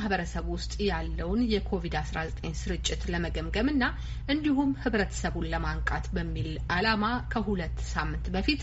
ማህበረሰብ ውስጥ ያለውን የኮቪድ-19 ስርጭት ለመገምገምና እንዲሁም ህብረተሰቡን ለማንቃት በሚል ዓላማ ከሁለት ሳምንት በፊት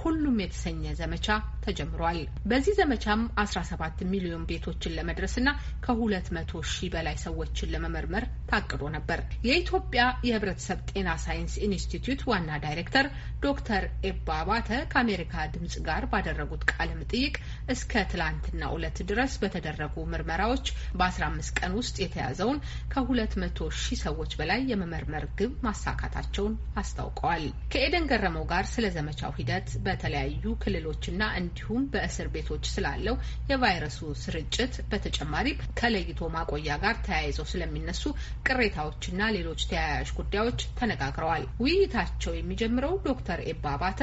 ሁሉም የተሰኘ ዘመቻ ተጀምሯል። በዚህ ዘመቻም 17 ሚሊዮን ቤቶችን ለመድረስና ከ200 ሺህ በላይ ሰዎችን ለመመርመር ታቅዶ ነበር። የኢትዮጵያ የህብረተሰብ ጤና ሳይንስ ኢንስቲትዩት ዋና ዳይሬክተር ዶክተር ኤባ አባተ ከአሜሪካ ድምጽ ጋር ባደረጉት ቃለ መጠይቅ እስከ ትላንትና ዕለት ድረስ በተደረጉ ምርመራዎች በ15 ቀን ውስጥ የተያዘውን ከ200 ሺህ ሰዎች በላይ የመመርመር ግብ ማሳካታቸውን አስታውቀዋል። ከኤደን ገረመው ጋር ስለ ዘመቻው ሂደት በተለያዩ ክልሎችና እንዲሁም በእስር ቤቶች ስላለው የቫይረሱ ስርጭት በተጨማሪ ከለይቶ ማቆያ ጋር ተያይዘው ስለሚነሱ ቅሬታዎችና ሌሎች ተያያዥ ጉዳዮች ተነጋግረዋል። ውይይታቸው የሚጀምረው ዶክተር ኤባ አባተ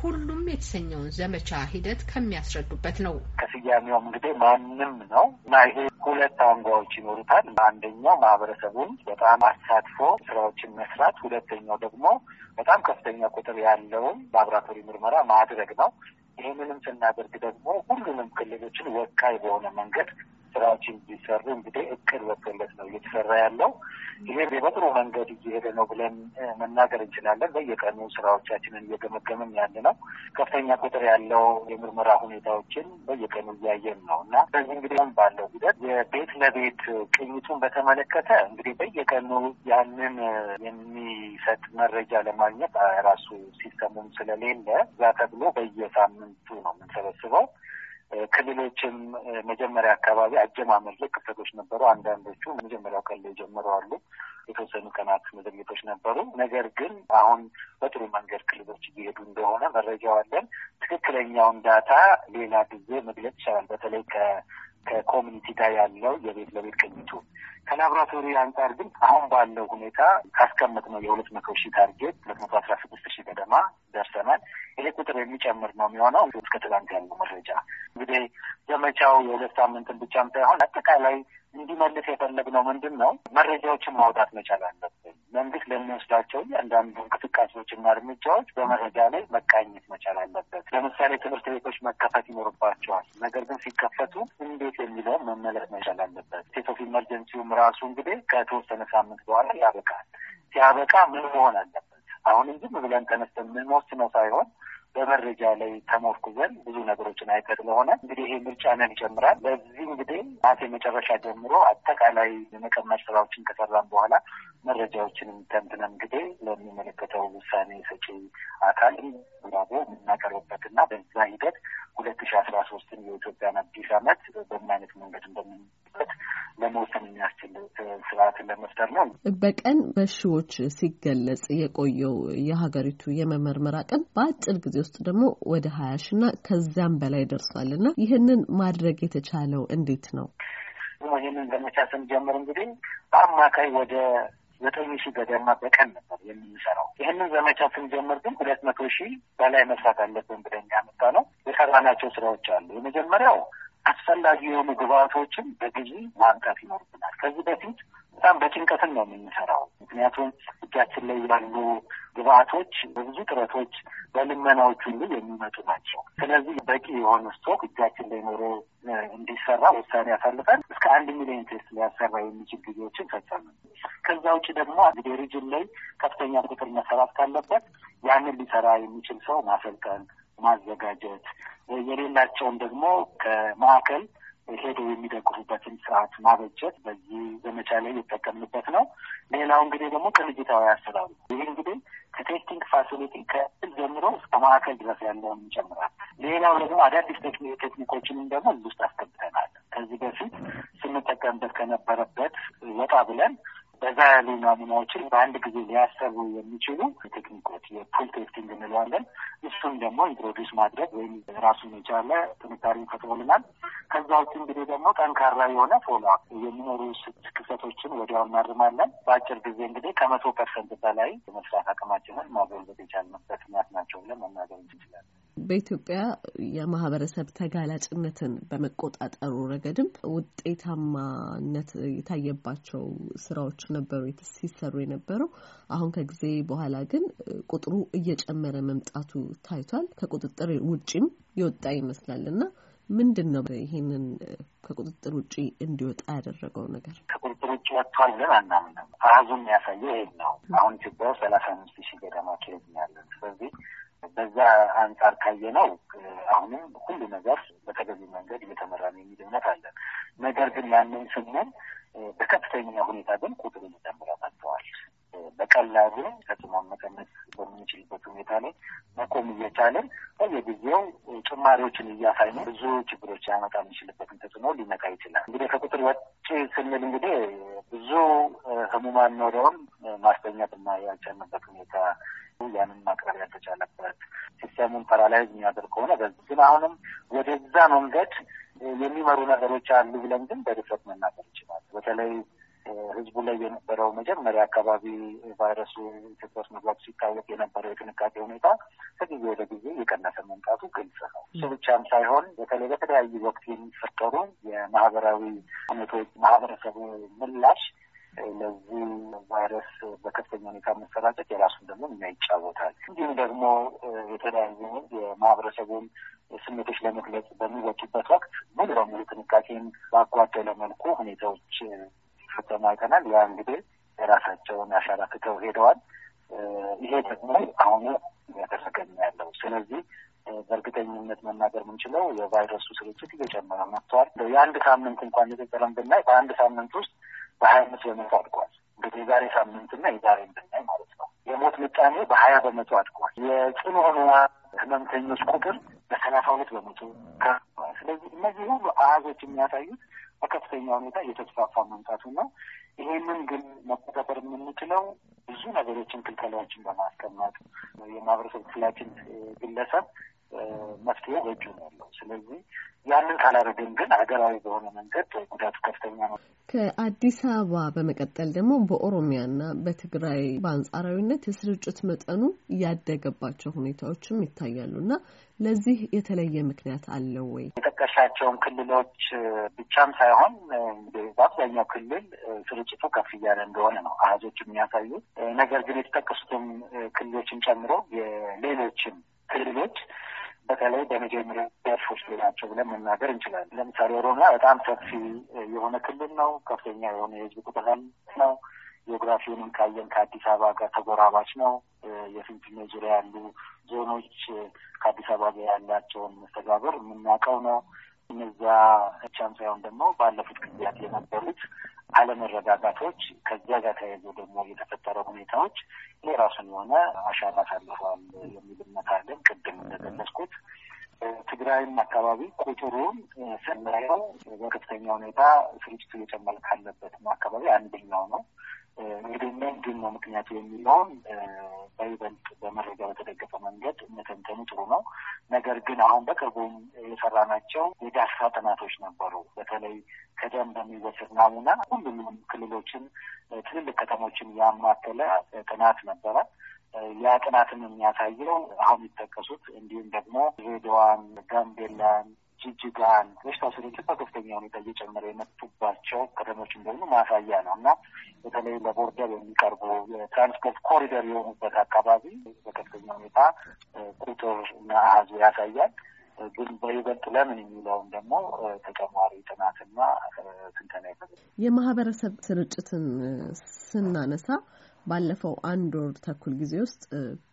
ሁሉም የተሰኘውን ዘመቻ ሂደት ከሚያስረዱበት ነው። ከስያሜውም እንግዲህ ማንም ነው እና ይሄ ሁለት አንጓዎች ይኖሩታል። አንደኛው ማህበረሰቡን በጣም አሳትፎ ስራዎችን መስራት፣ ሁለተኛው ደግሞ በጣም ከፍተኛ ቁጥር ያለውን ላቦራቶሪ ምርመራ ማድረግ ነው። ይህንንም ስናደርግ ደግሞ ሁሉንም ክልሎችን ወካይ በሆነ መንገድ ስራዎችን እንዲሰሩ እንግዲህ እቅድ ወጥቶለት ነው እየተሰራ ያለው። ይሄ በጥሩ መንገድ እየሄደ ነው ብለን መናገር እንችላለን። በየቀኑ ስራዎቻችንን እየገመገምን ያለ ነው። ከፍተኛ ቁጥር ያለው የምርመራ ሁኔታዎችን በየቀኑ እያየን ነው እና በዚህ እንግዲህ ባለው ሂደት የቤት ለቤት ቅኝቱን በተመለከተ እንግዲህ በየቀኑ ያንን የሚሰጥ መረጃ ለማግኘት ራሱ ሲስተሙም ስለሌለ ያ ተብሎ በየሳምንቱ ነው የምንሰበስበው። ክልሎችም መጀመሪያ አካባቢ አጀማመር ላይ ክፍተቶች ነበሩ። አንዳንዶቹ መጀመሪያው ቀን ላይ ጀምረዋሉ። የተወሰኑ ቀናት መዘግየቶች ነበሩ። ነገር ግን አሁን በጥሩ መንገድ ክልሎች እየሄዱ እንደሆነ መረጃው አለን። ትክክለኛውን ዳታ ሌላ ጊዜ መግለጽ ይቻላል። በተለይ ከ ከኮሚኒቲ ጋር ያለው የቤት ለቤት ቅኝቱ ከላቦራቶሪ አንጻር ግን አሁን ባለው ሁኔታ ካስቀምጥ ነው የሁለት መቶ ሺህ ታርጌት ሁለት መቶ አስራ ስድስት ሺህ ገደማ ደርሰናል። ይሄ ቁጥር የሚጨምር ነው የሚሆነው እስከ ትላንት ያለው መረጃ እንግዲህ ዘመቻው የሁለት ሳምንትን ብቻም ሳይሆን አጠቃላይ እንዲመልስ የፈለግነው ምንድን ነው፣ መረጃዎችን ማውጣት መቻል አለብን። መንግስት ለሚወስዳቸው እያንዳንዱ እንቅስቃሴዎችና እርምጃዎች በመረጃ ላይ መቃኘት መቻል አለበት። ለምሳሌ ትምህርት ቤቶች መከፈት ይኖርባቸዋል። ነገር ግን ሲከፈቱ እንዴት የሚለውን መመለስ መቻል አለበት። ስቴት ኦፍ ኢመርጀንሲውም ራሱ እንግዲህ ከተወሰነ ሳምንት በኋላ ያበቃል። ሲያበቃ ምን መሆን አለበት? አሁንም ዝም ብለን ተነስተን የምንወስነው ሳይሆን በመረጃ ላይ ተሞርኩዘን ብዙ ነገሮችን አይተን ስለሆነ እንግዲህ ይሄ ምርጫ ነን ይጨምራል። በዚህ እንግዲህ ማቴ መጨረሻ ጀምሮ አጠቃላይ የመቀመጥ ስራዎችን ከሰራን በኋላ መረጃዎችንም ተንትነን እንግዲህ ለሚመለከተው ውሳኔ ሰጪ አካል ብራቦ የምናቀርብበት እና በዛ ሂደት ሁለት ሺ አስራ ሶስትን የኢትዮጵያን አዲስ ዓመት በምን አይነት መንገድ እንደምንበት ለመወሰን የሚያስችል ስርዓትን ለመፍጠር ነው። በቀን በሺዎች ሲገለጽ የቆየው የሀገሪቱ የመመርመር አቅም በአጭር ጊዜ ውስጥ ደግሞ ወደ ሀያ ሺ እና ከዚያም በላይ ደርሷል እና ይህንን ማድረግ የተቻለው እንዴት ነው? ይህንን ዘመቻ ስንጀምር እንግዲህ በአማካይ ወደ ዘጠኝ ሺህ ገደማ በቀን ነበር የምንሰራው። ይህንን ዘመቻ ስንጀምር ግን ሁለት መቶ ሺህ በላይ መስራት አለብን ብለን ያመጣ ነው። የሰራናቸው ስራዎች አሉ። የመጀመሪያው አስፈላጊ የሆኑ ግብአቶችን በጊዜ ማምጣት ይኖርብናል። ከዚህ በፊት በጣም በጭንቀትን ነው የምንሰራው። ምክንያቱም እጃችን ላይ ያሉ ግብአቶች በብዙ ጥረቶች፣ በልመናዎች ሁሉ የሚመጡ ናቸው። ስለዚህ በቂ የሆነ ስቶክ እጃችን ላይ ኖሮ እንዲሰራ ውሳኔ ያሳልፈን እስከ አንድ ሚሊዮን ቴስት ሊያሰራ የሚችል ጊዜዎችን ፈጸምን። ከዛ ውጭ ደግሞ እንግዲህ ሪጅን ላይ ከፍተኛ ቁጥር መሰራት ካለበት ያንን ሊሰራ የሚችል ሰው ማሰልጠን፣ ማዘጋጀት የሌላቸውን ደግሞ ከማዕከል ሄደው የሚደግፉበትን ስርዓት ማበጀት በዚህ ዘመቻ ላይ የተጠቀምንበት ነው። ሌላው እንግዲህ ደግሞ ቅንጅታዊ አሰራሩ ይህ እንግዲህ ከቴስቲንግ ፋሲሊቲ ከእል ጀምሮ እስከ ማዕከል ድረስ ያለውን ይጨምራል። ሌላው ደግሞ አዳዲስ ቴክኒኮችንም ደግሞ እዚህ ውስጥ አስገብተናል። ከዚህ በፊት ስንጠቀምበት ከነበረበት ወጣ ብለን በዛ ያሉ ናሙናዎችን በአንድ ጊዜ ሊያሰሩ የሚችሉ ቴክኒኮች የፑል ቴስቲንግ እንለዋለን። እሱን ደግሞ ኢንትሮዲስ ማድረግ ወይም ራሱን የቻለ ጥንካሬን ፈጥሮልናል። ከዛ ውጭ እንግዲህ ደግሞ ጠንካራ የሆነ ፎሎ አፕ የሚኖሩ ክፍተቶችን ወዲያው እናርማለን። በአጭር ጊዜ እንግዲህ ከመቶ ፐርሰንት በላይ የመስራት አቅማችንን ማጎልበት የቻልንበት ምክንያት ናቸው ብለን መናገር እንችላለን። በኢትዮጵያ የማህበረሰብ ተጋላጭነትን በመቆጣጠሩ ረገድም ውጤታማነት የታየባቸው ስራዎች ነበሩ ሲሰሩ የነበረው። አሁን ከጊዜ በኋላ ግን ቁጥሩ እየጨመረ መምጣቱ ታይቷል። ከቁጥጥር ውጪም የወጣ ይመስላል እና ምንድን ነው ይህንን ከቁጥጥር ውጪ እንዲወጣ ያደረገው ነገር? ከቁጥጥር ውጭ ወጥቷል ግን አናምንም። አሃዙ የሚያሳየው ይሄን ነው። አሁን ኢትዮጵያ ውስጥ ሰላሳ አምስት ሺህ ገደማ ኬዝ ያለን ስለዚህ በዛ አንጻር ካየ ነው አሁንም ሁሉ ነገር በተገቢ መንገድ እየተመራ ነው የሚል እምነት አለን። ነገር ግን ያንን ስንል በከፍተኛ ሁኔታ ግን ቁጥሩን ይጨምረናቸዋል። በቀላሉ ተጽዕኖን መቀነስ በምንችልበት ሁኔታ ላይ መቆም እየቻለን በየጊዜው ጭማሪዎችን ነው ብዙ ችግሮች ያመጣ የሚችልበትን ተጽዕኖ ሊመጣ ይችላል። እንግዲህ ከቁጥር ወጪ ስንል እንግዲህ ብዙ ህሙማን ኖረውን ማስተኛትና ያልቻልንበት ሁኔታ ያንን ማቅረብ ያልተቻለበት ሲስተሙን ፓራላይዝ የሚያደርግ ከሆነ በዚህ ግን አሁንም ወደዛ መንገድ የሚመሩ ነገሮች አሉ ብለን ግን በድፍረት መናገር ይችላል በተለይ ህዝቡ ላይ የነበረው መጀመሪያ አካባቢ ቫይረሱ ኢትዮጵያ ውስጥ መግባቱ ሲታወቅ የነበረው የጥንቃቄ ሁኔታ ከጊዜ ወደ ጊዜ የቀነሰ መምጣቱ ግልጽ ነው። እሱ ብቻም ሳይሆን በተለይ በተለያዩ ወቅት የሚፈጠሩ የማህበራዊ ሁኔታዎች ማህበረሰቡ ምላሽ ለዚህ ቫይረስ በከፍተኛ ሁኔታ መሰራጨት የራሱን ደግሞ ሚና ይጫወታል። እንዲሁም ደግሞ የተለያዩ የማህበረሰቡን ስሜቶች ለመግለጽ በሚወጡበት ወቅት ሙሉ በሙሉ ጥንቃቄን ባጓደለ መልኩ ሁኔታዎች ሲፈተኑ አይተናል። ያ እንግዲህ የራሳቸውን አሻራ ትተው ሄደዋል። ይሄ ደግሞ አሁን እያደረገን ያለው ስለዚህ በእርግጠኝነት መናገር የምንችለው የቫይረሱ ስርጭት እየጨመረ መጥተዋል። የአንድ ሳምንት እንኳን የተጠረም ብናይ በአንድ ሳምንት ውስጥ በሀያ አምስት በመቶ አድጓል። እንግዲህ የዛሬ ሳምንትና የዛሬ ብናይ ማለት ነው። የሞት ምጣኔ በሀያ በመቶ አድጓል። የጽኑ ህሙማን ህመምተኞች ቁጥር በሰላሳ ሁለት በመቶ ስለዚህ እነዚህ ሁሉ አያዞች የሚያሳዩት በከፍተኛ ሁኔታ እየተስፋፋ መምጣቱ ነው። ይሄንን ግን መቆጣጠር የምንችለው ብዙ ነገሮችን ክልከላዎችን በማስቀመጥ የማህበረሰብ ክፍላችን ግለሰብ መፍትሄ በእጁ ነው ያለው። ስለዚህ ያንን ካላደረግን ግን ሀገራዊ በሆነ መንገድ ጉዳቱ ከፍተኛ ነው። ከአዲስ አበባ በመቀጠል ደግሞ በኦሮሚያና በትግራይ በአንጻራዊነት የስርጭት መጠኑ ያደገባቸው ሁኔታዎችም ይታያሉ እና ለዚህ የተለየ ምክንያት አለው ወይ? የጠቀሻቸውን ክልሎች ብቻም ሳይሆን በአብዛኛው ክልል ስርጭቱ ከፍ እያለ እንደሆነ ነው አህዞች የሚያሳዩት። ነገር ግን የተጠቀሱትም ክልሎችን ጨምሮ የሌሎችም ክልሎች በተለይ በመጀመሪያ ደርሽ ውስጥ ናቸው ብለን መናገር እንችላለን። ለምሳሌ ኦሮሚያ በጣም ሰፊ የሆነ ክልል ነው። ከፍተኛ የሆነ የህዝብ ቁጥር ነው። ጂኦግራፊውንም ካየን ከአዲስ አበባ ጋር ተጎራባች ነው። የፊንፊኔ ዙሪያ ያሉ ዞኖች ከአዲስ አበባ ጋር ያላቸውን መስተጋብር የምናውቀው ነው። እነዚያ ብቻም ሳይሆን ደግሞ ባለፉት ጊዜያት የነበሩት አለመረጋጋቶች ከዚያ ጋር ተያይዞ ደግሞ የተፈጠረ ሁኔታዎች የራሱን የሆነ አሻራ አሳልፈዋል የሚል እምነት አለን። ቅድም እንደገለጽኩት ትግራይም አካባቢ ቁጥሩን ስናየው በከፍተኛ ሁኔታ ስርጭቱ እየጨመረ ካለበትም አካባቢ አንደኛው ነው። እንግዲህ ምንድን ነው ምክንያቱ የሚለውን በይበልጥ በመረጃ በተደገፈ መንገድ እንተንተኑ ጥሩ ነው። ነገር ግን አሁን በቅርቡም የሰራናቸው የዳሰሳ ጥናቶች ነበሩ። በተለይ ከደም በሚወስድ ናሙና ሁሉንም ክልሎችን፣ ትልልቅ ከተሞችን ያማከለ ጥናት ነበረ። ያ ጥናትን የሚያሳየው አሁን የሚጠቀሱት እንዲሁም ደግሞ ድሬዳዋን፣ ጋምቤላን ጅጅጋን በሽታው ስርጭት በከፍተኛ ሁኔታ እየጨመረ የመጡባቸው ከተሞች እንደሆኑ ማሳያ ነው እና በተለይ ለቦርደር የሚቀርቡ የትራንስፖርት ኮሪደር የሆኑበት አካባቢ በከፍተኛ ሁኔታ ቁጥር እና አሀዙ ያሳያል። ግን በይበልጥ ለምን የሚለውን ደግሞ ተጨማሪ ጥናትና ትንተና የማህበረሰብ ስርጭትን ስናነሳ ባለፈው አንድ ወር ተኩል ጊዜ ውስጥ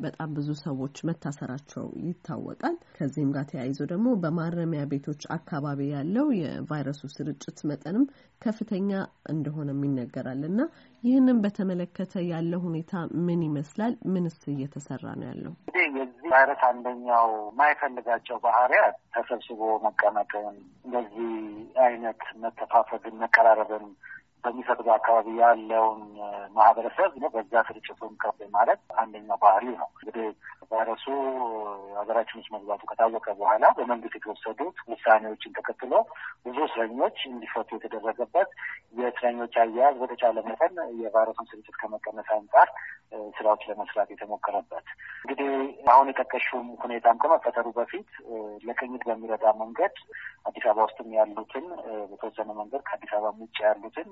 በጣም ብዙ ሰዎች መታሰራቸው ይታወቃል። ከዚህም ጋር ተያይዞ ደግሞ በማረሚያ ቤቶች አካባቢ ያለው የቫይረሱ ስርጭት መጠንም ከፍተኛ እንደሆነም ይነገራል እና ይህንን በተመለከተ ያለው ሁኔታ ምን ይመስላል? ምንስ እየተሰራ ነው ያለው? የዚህ ቫይረስ አንደኛው የማይፈልጋቸው ባህሪያት ተሰብስቦ መቀመጥን፣ እንደዚህ አይነት መተፋፈግን፣ መቀራረብን በሚፈጥሩ አካባቢ ያለውን ማህበረሰብ በዛ ስርጭቱን ከፍ ማለት አንደኛው ባህሪ ነው። እንግዲህ ቫይረሱ ሀገራችን ውስጥ መግባቱ ከታወቀ በኋላ በመንግስት የተወሰዱት ውሳኔዎችን ተከትሎ ብዙ እስረኞች እንዲፈቱ የተደረገበት የእስረኞች አያያዝ በተቻለ መጠን የቫይረሱን ስርጭት ከመቀነስ አንጻር ስራዎች ለመስራት የተሞከረበት እንግዲህ አሁን የጠቀሹም ሁኔታም ከመፈጠሩ በፊት ለቅኝት በሚረዳ መንገድ አዲስ አበባ ውስጥም ያሉትን በተወሰነ መንገድ ከአዲስ አበባ ውጭ ያሉትን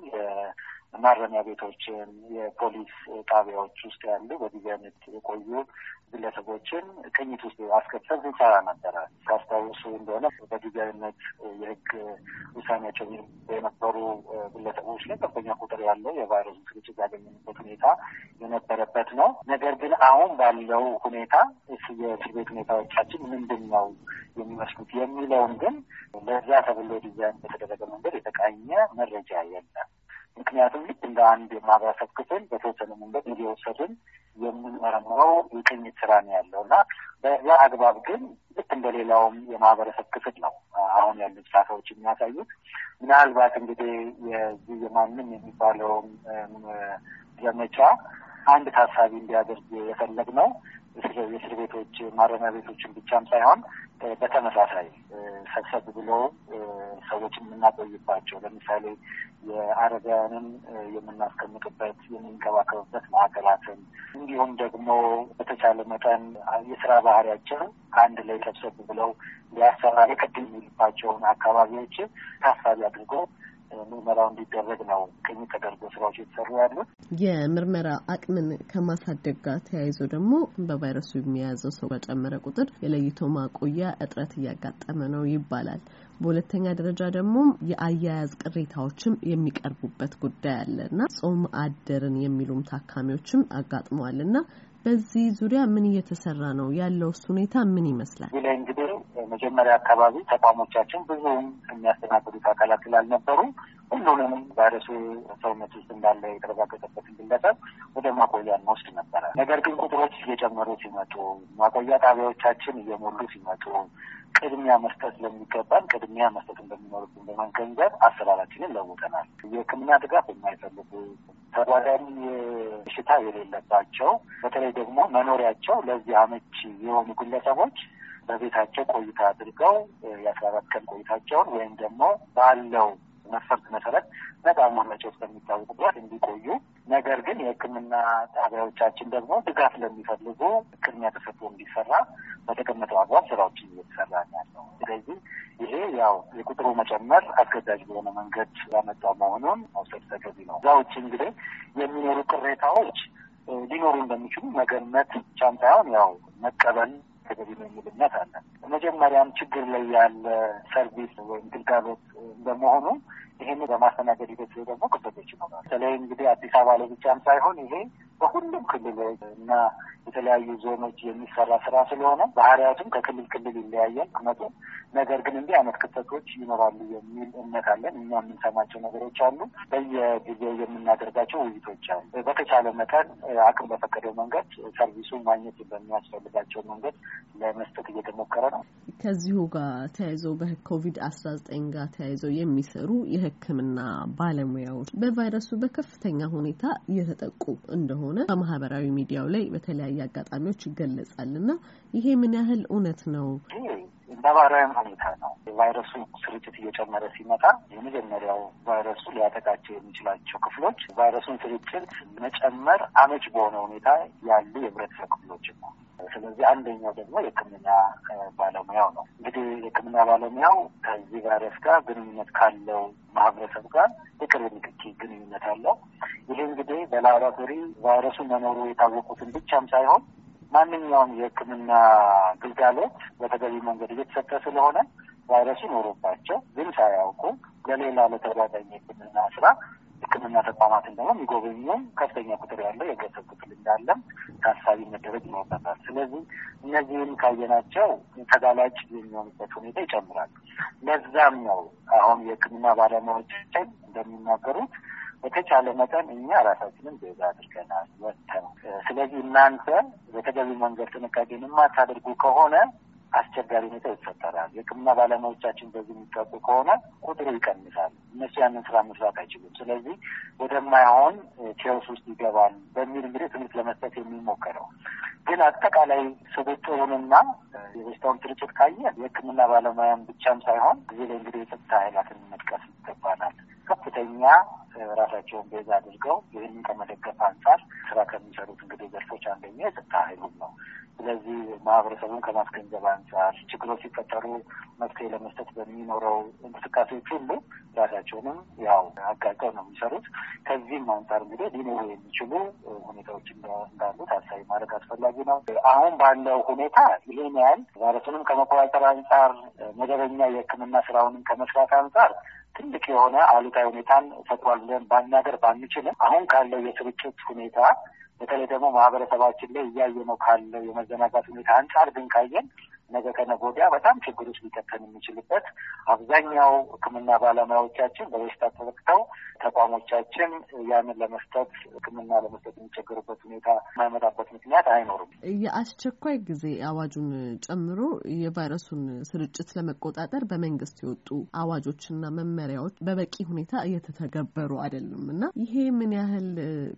የማረሚያ ቤቶችን፣ የፖሊስ ጣቢያዎች ውስጥ ያሉ በጊዜ አይነት የቆዩ ግለሰቦችን ቅኝት ውስጥ አስገብተን ስንሰራ ነበረ። ካስታውሱ እንደሆነ በጊዜያዊነት የህግ ውሳኔያቸው የነበሩ ግለሰቦች ላይ ከፍተኛ ቁጥር ያለው የቫይረሱ ስርጭት ያገኘንበት ሁኔታ የነበረበት ነው። ነገር ግን አሁን ባለው ሁኔታ የእስር ቤት ሁኔታዎቻችን ምንድን ነው የሚመስሉት የሚለውን ግን ለዛ ተብሎ ዲዛይን በተደረገ መንገድ የተቃኘ መረጃ የለም። ምክንያቱም ልክ እንደ አንድ የማህበረሰብ ክፍል በተወሰነ መንገድ እየወሰድን የምንመረምረው የቅኝት ስራ ነው ያለው እና በዛ አግባብ ግን ልክ እንደሌላውም የማህበረሰብ ክፍል ነው አሁን ያሉ ዳታዎች የሚያሳዩት። ምናልባት እንግዲህ የዚህ የማንም የሚባለውም ዘመቻ አንድ ታሳቢ እንዲያደርግ የፈለግ ነው የእስር ቤቶች ማረሚያ ቤቶችን ብቻም ሳይሆን በተመሳሳይ ሰብሰብ ብሎ ሰዎች የምናቆይባቸው ለምሳሌ የአረጋውያንን የምናስቀምጥበት የምንከባከብበት ማዕከላትን እንዲሁም ደግሞ በተቻለ መጠን የስራ ባህሪያቸው አንድ ላይ ሰብሰብ ብለው ሊያሰራ ቅድም የሚልባቸውን አካባቢዎች ታሳቢ አድርጎ ምርመራው እንዲደረግ ነው ቅኝ ተደርጎ ስራዎች የተሰሩ ያሉት። የምርመራ አቅምን ከማሳደግ ጋር ተያይዞ ደግሞ በቫይረሱ የሚያዘው ሰው በጨመረ ቁጥር የለይቶ ማቆያ እጥረት እያጋጠመ ነው ይባላል። በሁለተኛ ደረጃ ደግሞ የአያያዝ ቅሬታዎችም የሚቀርቡበት ጉዳይ አለ እና ጾም አደርን የሚሉም ታካሚዎችም አጋጥመዋል እና በዚህ ዙሪያ ምን እየተሰራ ነው? ያለውስ ሁኔታ ምን ይመስላል? እዚህ ላይ እንግዲህ መጀመሪያ አካባቢ ተቋሞቻችን ብዙም የሚያስተናግዱት አካላት ስላልነበሩ ሁሉንም ቫይረሱ ሰውነት ውስጥ እንዳለ የተረጋገጠበትን ግለሰብ ወደ ማቆያ እንወስድ ነበረ። ነገር ግን ቁጥሮች እየጨመሩ ሲመጡ ማቆያ ጣቢያዎቻችን እየሞሉ ሲመጡ ቅድሚያ መስጠት ለሚገባን ቅድሚያ መስጠት እንደሚኖርብን በመገንዘብ አሰራራችንን ለውጠናል። የሕክምና ድጋፍ የማይፈልጉ ተጓዳኝ በሽታ የሌለባቸው በተለይ ደግሞ መኖሪያቸው ለዚህ አመቺ የሆኑ ግለሰቦች በቤታቸው ቆይታ አድርገው የአስራ አራት ቀን ቆይታቸውን ወይም ደግሞ ባለው መስፈርት መሰረት ነጻ መሆናቸው እስከሚታወቅ ድረስ እንዲቆዩ፣ ነገር ግን የህክምና ጣቢያዎቻችን ደግሞ ድጋፍ ለሚፈልጉ ቅድሚያ ተሰጥቶ እንዲሰራ በተቀመጠው አግባብ ስራዎችን እየተሰራ ያለው። ስለዚህ ይሄ ያው የቁጥሩ መጨመር አስገዳጅ በሆነ መንገድ ያመጣ መሆኑን መውሰድ ተገቢ ነው። እዛ ውጭ እንግዲህ የሚኖሩ ቅሬታዎች ሊኖሩ እንደሚችሉ መገመት ብቻም ሳይሆን ያው መቀበል ተገቢ ነው የሚል እምነት አለ። መጀመሪያም ችግር ላይ ያለ ሰርቪስ ወይም ግልጋሎት እንደመሆኑ ይህን በማስተናገድ ሂደት ደግሞ ክፍተቶች ይኖራል። በተለይ እንግዲህ አዲስ አበባ ላይ ብቻም ሳይሆን ይሄ በሁሉም ክልል እና የተለያዩ ዞኖች የሚሰራ ስራ ስለሆነ ባህሪያቱም ከክልል ክልል ይለያያል ክመቱ ነገር ግን እንዲህ አይነት ክፍተቶች ይኖራሉ የሚል እምነት አለን። እኛ የምንሰማቸው ነገሮች አሉ። በየጊዜው የምናደርጋቸው ውይይቶች አሉ። በተቻለ መጠን አቅም በፈቀደው መንገድ ሰርቪሱ ማግኘት በሚያስፈልጋቸው መንገድ ለመስጠት እየተሞከረ ነው። ከዚሁ ጋር ተያይዘው በኮቪድ አስራ ዘጠኝ ጋር ተያይዘው የሚሰሩ የሕክምና ባለሙያዎች በቫይረሱ በከፍተኛ ሁኔታ እየተጠቁ እንደሆነ ሆነ በማህበራዊ ሚዲያው ላይ በተለያየ አጋጣሚዎች ይገለጻል እና ይሄ ምን ያህል እውነት ነው? ነባራዊ ሁኔታ ነው። የቫይረሱ ስርጭት እየጨመረ ሲመጣ የመጀመሪያው ቫይረሱ ሊያጠቃቸው የሚችላቸው ክፍሎች ቫይረሱን ስርጭት መጨመር አመች በሆነ ሁኔታ ያሉ የህብረተሰብ ክፍሎች ነው። ስለዚህ አንደኛው ደግሞ የህክምና ባለሙያው ነው። እንግዲህ የህክምና ባለሙያው ከዚህ ቫይረስ ጋር ግንኙነት ካለው ማህበረሰብ ጋር የቅርብ ንክኪ ግንኙነት አለው። ይህ እንግዲህ በላብራቶሪ ቫይረሱ መኖሩ የታወቁትን ብቻም ሳይሆን ማንኛውም የሕክምና ግልጋሎት በተገቢ መንገድ እየተሰጠ ስለሆነ ቫይረሱ ኖሮባቸው ግን ሳያውቁ ለሌላ ለተጓዳኝ የሕክምና ስራ ሕክምና ተቋማትን ደግሞ የሚጎበኙም ከፍተኛ ቁጥር ያለው የገሰብ ክፍል እንዳለም ታሳቢ መደረግ ይኖርበታል። ስለዚህ እነዚህም ካየናቸው ተጋላጭ የሚሆኑበት ሁኔታ ይጨምራል። ለዛም ነው አሁን የሕክምና ባለሙያዎችን እንደሚናገሩት በተቻለ መጠን እኛ ራሳችንን ቤዛ አድርገናል ወጥተን። ስለዚህ እናንተ በተገቢ መንገድ ጥንቃቄ የማታደርጉ ከሆነ አስቸጋሪ ሁኔታ ይፈጠራል። የሕክምና ባለሙያዎቻችን በዚህ የሚጠቁ ከሆነ ቁጥሩ ይቀንሳል። እነሱ ያንን ስራ መስራት አይችሉም። ስለዚህ ወደማይሆን ቴዎስ ውስጥ ይገባል በሚል እንግዲህ ትምህርት ለመስጠት የሚሞከረው ግን አጠቃላይ ስብጥሩንና የበሽታውን ስርጭት ካየ የሕክምና ባለሙያን ብቻም ሳይሆን እዚህ ላይ እንግዲህ የጸጥታ ኃይላትን መጥቀስ ይገባናል። ከፍተኛ ራሳቸውን ቤዛ አድርገው ይህንን ከመደገፍ አንጻር ስራ ከሚሰሩት እንግዲህ ዘርፎች አንደኛ የጸጥታ ኃይሉም ነው። ስለዚህ ማህበረሰቡን ከማስገንዘብ አንጻር ችግሮች ሲፈጠሩ መፍትሄ ለመስጠት በሚኖረው እንቅስቃሴዎች ሁሉ ራሳቸውንም ያው አጋጠው ነው የሚሰሩት። ከዚህም አንጻር እንግዲህ ሊኖሩ የሚችሉ ሁኔታዎች እንዳሉ ታሳቢ ማድረግ አስፈላጊ ነው። አሁን ባለው ሁኔታ ይህን ያህል ቫይረሱንም ከመቆጣጠር አንጻር መደበኛ የሕክምና ስራውንም ከመስራት አንጻር ትልቅ የሆነ አሉታዊ ሁኔታን ፈጥሯል ብለን ባናገር ባንችልም አሁን ካለው የስርጭት ሁኔታ በተለይ ደግሞ ማህበረሰባችን ላይ እያየ ነው ካለው የመዘናጋት ሁኔታ አንጻር ግን ካየን ነገ ከነገ ወዲያ በጣም ችግር ውስጥ የሚችልበት አብዛኛው ሕክምና ባለሙያዎቻችን በበሽታ ተጠቅተው ተቋሞቻችን ያንን ለመስጠት ሕክምና ለመስጠት የሚቸገሩበት ሁኔታ የማይመጣበት ምክንያት አይኖርም። የአስቸኳይ ጊዜ አዋጁን ጨምሮ የቫይረሱን ስርጭት ለመቆጣጠር በመንግስት የወጡ አዋጆችና መመሪያዎች በበቂ ሁኔታ እየተተገበሩ አይደለም እና ይሄ ምን ያህል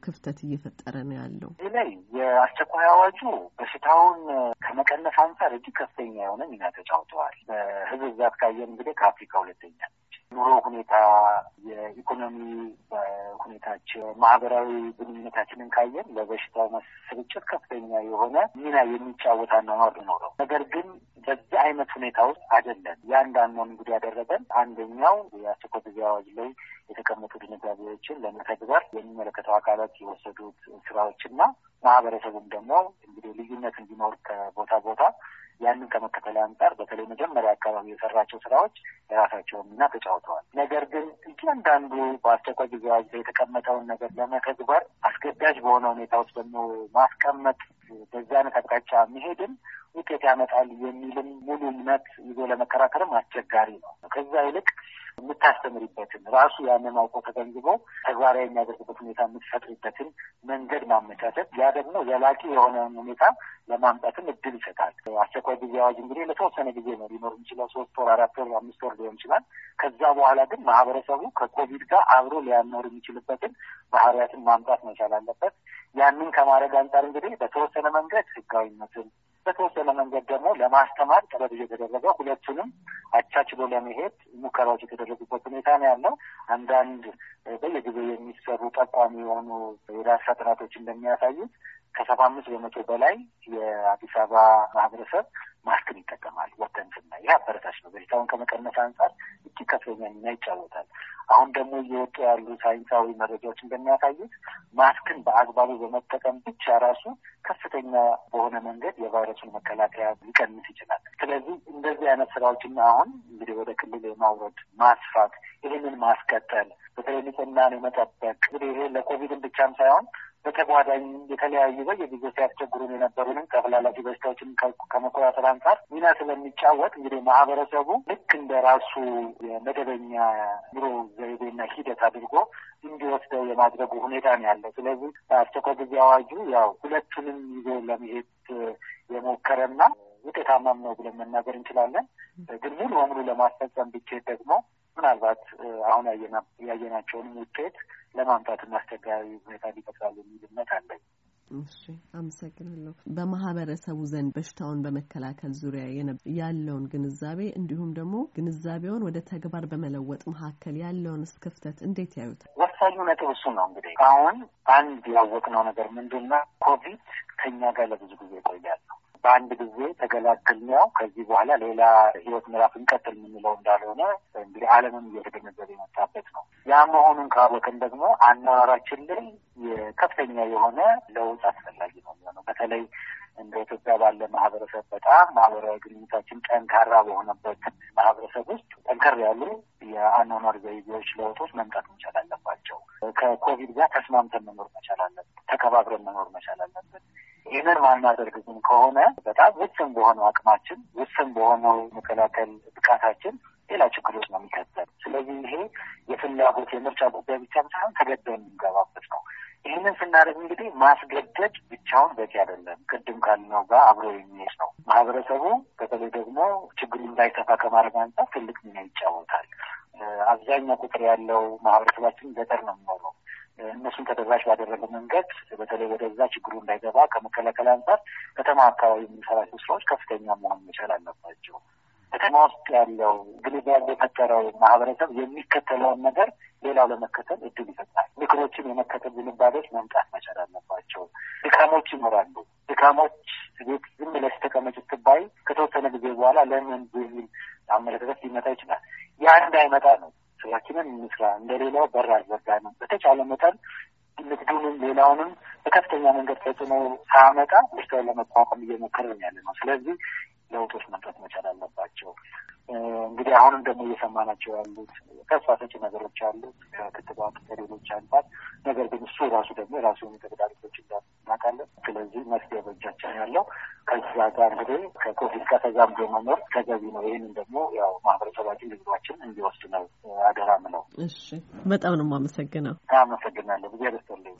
ክፍተት እየፈጠረ ነው ያለው? ይህ ላይ የአስቸኳይ አዋጁ በሽታውን ከመቀነስ አንጻር እጅግ ከፍ ከፍተኛ የሆነ ሚና ተጫውተዋል። በህዝብ ብዛት ካየን እንግዲህ ከአፍሪካ ሁለተኛ ነች። ኑሮ ሁኔታ፣ የኢኮኖሚ ሁኔታቸው፣ ማህበራዊ ግንኙነታችንን ካየን ለበሽታው ስርጭት ከፍተኛ የሆነ ሚና የሚጫወት አኗኗር ኖረው ነገር ግን በዚህ አይነት ሁኔታ ውስጥ አይደለም። ያን እንግዲህ ያደረገን አንደኛው የአስቸኳይ ጊዜ አዋጅ ላይ የተቀመጡ ድንጋጌዎችን ለመተግበር የሚመለከተው አካላት የወሰዱት ስራዎችና ማህበረሰቡም ደግሞ እንግዲህ ልዩነት እንዲኖር ከቦታ ቦታ ያንን ከመከተል አንጻር በተለይ መጀመሪያ አካባቢ የሰራቸው ስራዎች የራሳቸውን ሚና ተጫውተዋል። ነገር ግን እያንዳንዱ በአስቸኳይ ጊዜ አዋጅ የተቀመጠውን ነገር ለመተግበር አስገዳጅ በሆነ ሁኔታ ውስጥ ደግሞ ማስቀመጥ በዛ አይነት አቅጣጫ መሄድም ውጤት ያመጣል የሚልም ሙሉ እምነት ይዞ ለመከራከርም አስቸጋሪ ነው። ከዛ ይልቅ የምታስተምሪበትን ራሱ ያንን አውቆ ተገንዝቦ ተግባራዊ የሚያደርግበት ሁኔታ የምትፈጥርበትን መንገድ ማመቻቸት፣ ያ ደግሞ ዘላቂ የሆነውን ሁኔታ ለማምጣትም እድል ይሰጣል። አስቸኳይ ጊዜ አዋጅ እንግዲህ ለተወሰነ ጊዜ ነው ሊኖር የሚችለው፣ ሶስት ወር፣ አራት ወር፣ አምስት ወር ሊሆን ይችላል። ከዛ በኋላ ግን ማህበረሰቡ ከኮቪድ ጋር አብሮ ሊያኖር የሚችልበትን ባህሪያትን ማምጣት መቻል አለበት። ያንን ከማድረግ አንጻር እንግዲህ በተወሰነ መንገድ ህጋዊነትን በተወሰነ መንገድ ደግሞ ለማስተማር ጥረት እየተደረገ ሁለቱንም አቻችሎ ለመሄድ ሙከራዎች የተደረጉበት ሁኔታ ነው ያለው። አንዳንድ በየጊዜው የሚሰሩ ጠቋሚ የሆኑ የዳሰሳ ጥናቶች እንደሚያሳዩት ከሰባ አምስት በመቶ በላይ የአዲስ አበባ ማህበረሰብ ማስክን ይጠቀማል። ወተን ስና ይህ አበረታች ነው። በሽታውን ከመቀነስ አንጻር እጅግ ከፍተኛ ሚና ይጫወታል። አሁን ደግሞ እየወጡ ያሉ ሳይንሳዊ መረጃዎች እንደሚያሳዩት ማስክን በአግባቡ በመጠቀም ብቻ ራሱ ከፍተኛ በሆነ መንገድ የቫይረሱን መከላከያ ሊቀንስ ይችላል። ስለዚህ እንደዚህ አይነት ስራዎችና አሁን እንግዲህ ወደ ክልል የማውረድ ማስፋት፣ ይህንን ማስቀጠል፣ በተለይ ንጽህናን የመጠበቅ እንግዲህ ይሄ ለኮቪድን ብቻም ሳይሆን በተጓዳኝ የተለያዩ በየጊዜው ሲያስቸግሩን የነበሩንም ተላላፊ በሽታዎችን ከመቆጣጠር አንጻር ሚና ስለሚጫወት እንግዲህ ማህበረሰቡ ልክ እንደ ራሱ የመደበኛ ኑሮ ዘይቤና ሂደት አድርጎ እንዲወስደው የማድረጉ ሁኔታ ነው ያለው። ስለዚህ አስቸኳይ ጊዜ አዋጁ ያው ሁለቱንም ይዞ ለመሄድ የሞከረና ውጤታማም ነው ብለን መናገር እንችላለን። ግን ሙሉ በሙሉ ለማስፈጸም ብቻ ደግሞ ምናልባት አሁን ያየናቸውንም ውጤት ለማምጣት አስቸጋሪ ሁኔታ ሊፈጥራሉ የሚል እምነት አለኝ። እሺ፣ አመሰግናለሁ። በማህበረሰቡ ዘንድ በሽታውን በመከላከል ዙሪያ ያለውን ግንዛቤ እንዲሁም ደግሞ ግንዛቤውን ወደ ተግባር በመለወጥ መካከል ያለውን ክፍተት እንዴት ያዩታል? ወሳኙ ነጥብ እሱ ነው። እንግዲህ አሁን አንድ ያወቅነው ነገር ምንድን ነው? ኮቪድ ከኛ ጋር ለብዙ ጊዜ ይቆያል ነው በአንድ ጊዜ ተገላግል ያው ከዚህ በኋላ ሌላ ህይወት ምዕራፍ እንቀጥል የምንለው እንዳልሆነ እንግዲህ ዓለምም እየተገነዘበ የመጣበት ነው። ያ መሆኑን ካወቅን ደግሞ አኗኗራችን ላይ የከፍተኛ የሆነ ለውጥ አስፈላጊ ነው የሚሆነው በተለይ እንደ ኢትዮጵያ ባለ ማህበረሰብ በጣም ማህበራዊ ግንኙነታችን ጠንካራ በሆነበት ማህበረሰብ ውስጥ ጠንከር ያሉ የአኗኗር ዘይቤዎች ለውጦች መምጣት መቻል አለባቸው። ከኮቪድ ጋር ተስማምተን መኖር መቻል አለብን። ተከባብረን መኖር መቻል አለብን። ይህንን ማናደርግ ከሆነ በጣም ውስን በሆነው አቅማችን ውስን በሆነው መከላከል ብቃታችን ሌላ ችግሮች ነው የሚከተል። ስለዚህ ይሄ የፍላጎት የምርጫ ጉዳይ ብቻ ሳይሆን ተገደው የምንገባበት ነው። ይህንን ስናደርግ እንግዲህ ማስገደድ ብቻውን በቂ አይደለም። ቅድም ካልነው ጋር አብሮ የሚሄድ ነው። ማህበረሰቡ በተለይ ደግሞ ችግሩ እንዳይሰፋ ከማድረግ አንጻር ትልቅ ሚና ይጫወታል። አብዛኛው ቁጥር ያለው ማህበረሰባችን ገጠር ነው የሚኖረው። እነሱን ተደራሽ ባደረገ መንገድ በተለይ ወደዛ ችግሩ እንዳይገባ ከመከላከል አንጻር ከተማ አካባቢ የምንሰራቸው ስራዎች ከፍተኛ መሆን መቻል አለባቸው። ከተማ ውስጥ ያለው ግንዛቤ የፈጠረው ማህበረሰብ የሚከተለውን ነገር ሌላው ለመከተል እድል ይፈጣል። ምክሮችን የመከተል ዝንባሌዎች መምጣት መቻል አለባቸው። ድካሞች ይኖራሉ። ድካሞች ቤት ዝም ብለሽ ተቀመጭ ስትባይ ከተወሰነ ጊዜ በኋላ ለምን የሚል አመለካከት ሊመጣ ይችላል። ያ እንዳይመጣ ነው ስራችንን እንስራ፣ እንደሌላው በር አልዘጋንም በተቻለ መጠን ንግዱንም ሌላውንም በከፍተኛ መንገድ ተጽዕኖ ሳያመጣ በሽታውን ለመቋቋም እየሞከርን ያለ ነው። ስለዚህ ለውጦች መምጣት መቻል አለባቸው። እንግዲህ አሁንም ደግሞ እየሰማናቸው ያሉት ተስፋ ሰጪ ነገሮች አሉ፣ ከክትባት ከሌሎች አንጻር። ነገር ግን እሱ ራሱ ደግሞ የራሱ የሆኑ ተግዳሮቶች እንዳሉ እናውቃለን። ስለዚህ መፍትሄ በእጃችን ያለው ከዛ ጋር እንግዲህ ከኮቪድ ጋር ተዛምዶ መኖር ተገቢ ነው። ይህንን ደግሞ ያው ማህበረሰባችን ህዝባችን እንዲወስድ ነው አደራ ምለው። እሺ፣ በጣም ነው የማመሰግነው። አመሰግናለሁ። ብዙ ደስተልኝ